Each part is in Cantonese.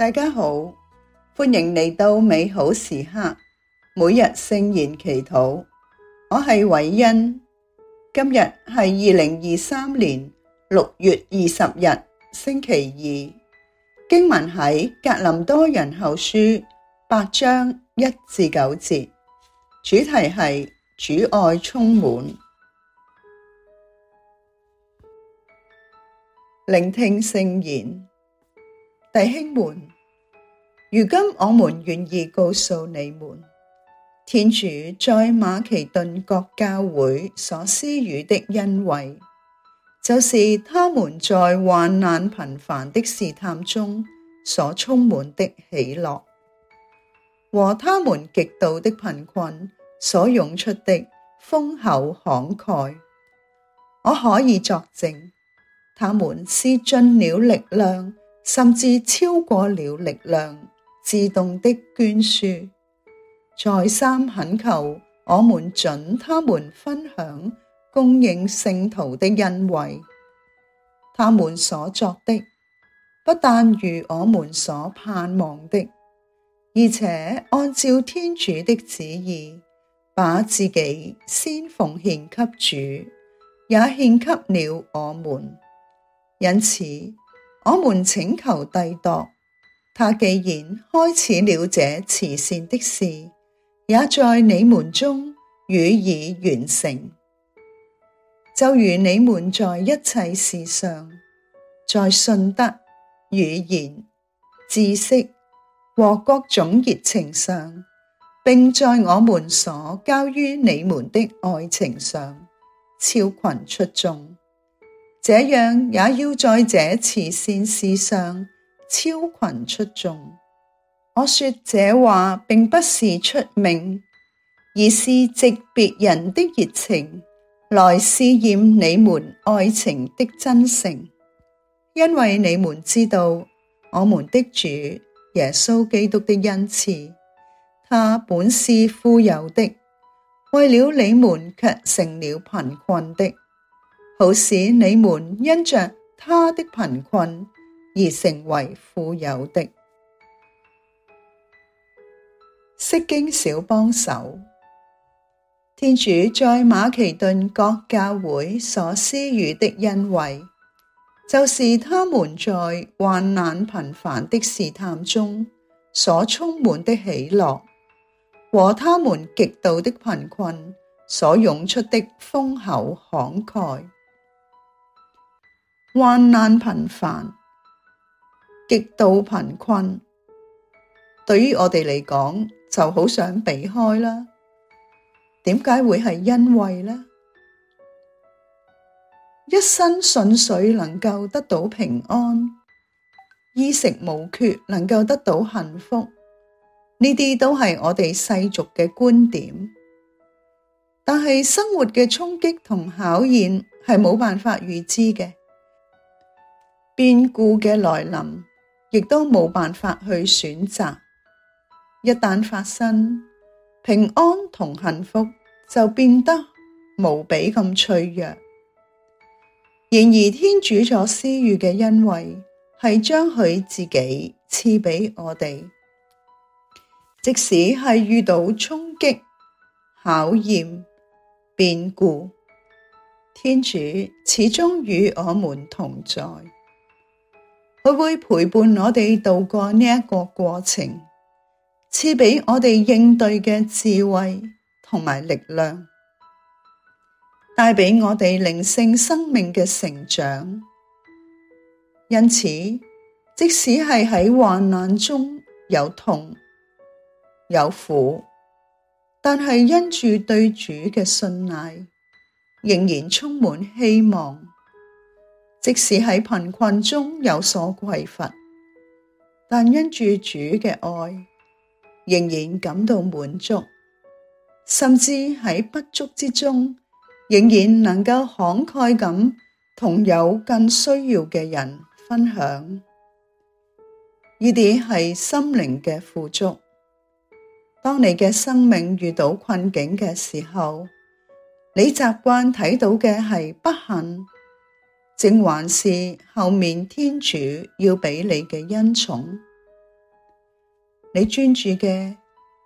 大家好，歡迎嚟到美好時刻，每日聖言祈禱。我係偉恩，今日係二零二三年六月二十日星期二。經文喺《格林多人後書》八章一至九節，主題係主愛充滿。聆聽聖言，弟兄們。如今我們願意告訴你們，天主在馬其頓各教會所施與的恩惠，就是他們在患難頻繁的試探中所充滿的喜樂，和他們極度的貧困所湧出的豐厚慷慨。我可以作證，他們是盡了力量，甚至超過了力量。自動的捐輸，再三懇求我們准他們分享供應聖徒的恩惠。他們所作的，不但如我們所盼望的，而且按照天主的旨意，把自己先奉獻給主，也獻給了我們。因此，我們請求弟鐸。他既然開始了這慈善的事，也在你們中予以完成，就如你們在一切事上，在信德、語言、知識和各種熱情上，並在我們所交於你們的愛情上，超群出眾，這樣也要在這慈善事上。超群出眾，我說這話並不是出命，而是藉別人的熱情來試驗你們愛情的真誠。因為你們知道我們的主耶穌基督的恩賜，他本是富有的，為了你們卻成了貧困的，好使你們因着他的貧困。而成為富有的，釋經小幫手。天主在馬其頓各教會所施予的恩惠，就是他們在患難頻繁的試探中所充滿的喜樂，和他們極度的貧困所湧出的豐厚慷慨。患難頻繁。極度貧困對於我哋嚟講就好想避開啦。點解會係因為呢？一生順遂能夠得到平安，衣食無缺能夠得到幸福，呢啲都係我哋世俗嘅觀點。但係生活嘅衝擊同考驗係冇辦法預知嘅，變故嘅來臨。亦都冇辦法去選擇，一旦發生，平安同幸福就變得無比咁脆弱。然而，天主所施予嘅恩惠係將佢自己賜俾我哋，即使係遇到衝擊、考驗、變故，天主始終與我們同在。佢會陪伴我哋度過呢一個過程，賜俾我哋應對嘅智慧同埋力量，帶俾我哋靈性生命嘅成長。因此，即使係喺患難中有痛有苦，但係因住對主嘅信賴，仍然充滿希望。即使喺貧困中有所匱乏，但因住主嘅愛，仍然感到滿足，甚至喺不足之中，仍然能夠慷慨咁同有更需要嘅人分享。呢啲係心靈嘅富足。當你嘅生命遇到困境嘅時候，你習慣睇到嘅係不幸。正還是後面天主要畀你嘅恩寵？你專注嘅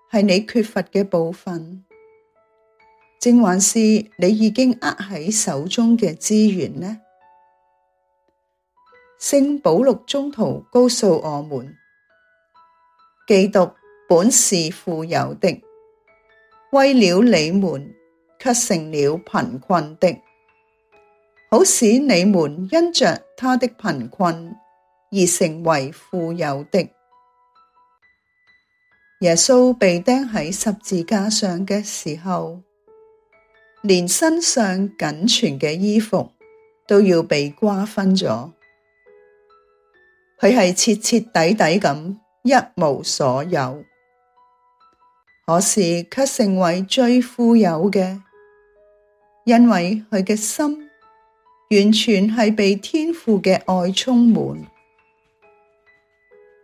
係你缺乏嘅部分，正還是你已經握喺手中嘅資源呢？聖保祿宗徒告訴我們：基督本是富有的，為了你們卻成了貧困的。好使你們因着他的貧困而成為富有的。耶穌被釘喺十字架上嘅時候，連身上僅存嘅衣服都要被瓜分咗。佢係徹徹底底咁一無所有，可是卻成為最富有嘅，因為佢嘅心。完全是被天父的愛充滿。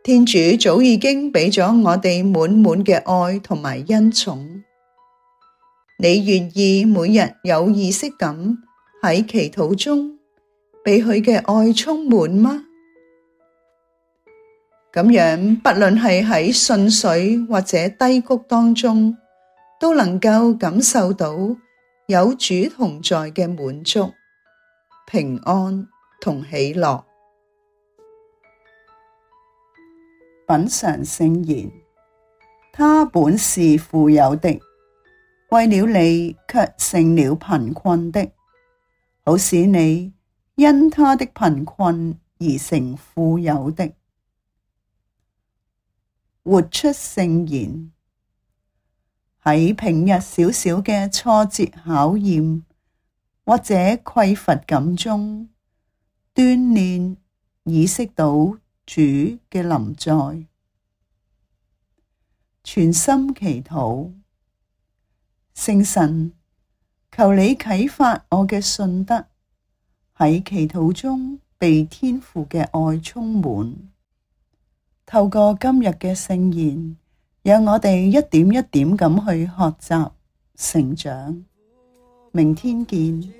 天主早已經給了我們滿滿的愛和恩寵。你願意每日有意識咁在祈禱中被他的愛充滿嗎?這樣,不論是在順水或者低谷當中,都能夠感受到有主同在的滿足。平安同喜樂，品嘗聖言。他本是富有的，為了你卻成了貧困的，好使你因他的貧困而成富有的。活出聖言。喺平日小小嘅挫折考驗，或者匱乏感中鍛煉，意識到主嘅臨在，全心祈禱，聖神，求你啟發我嘅信德，喺祈禱中被天父嘅愛充滿。透過今日嘅聖言，讓我哋一點一點咁去學習成長。明天見。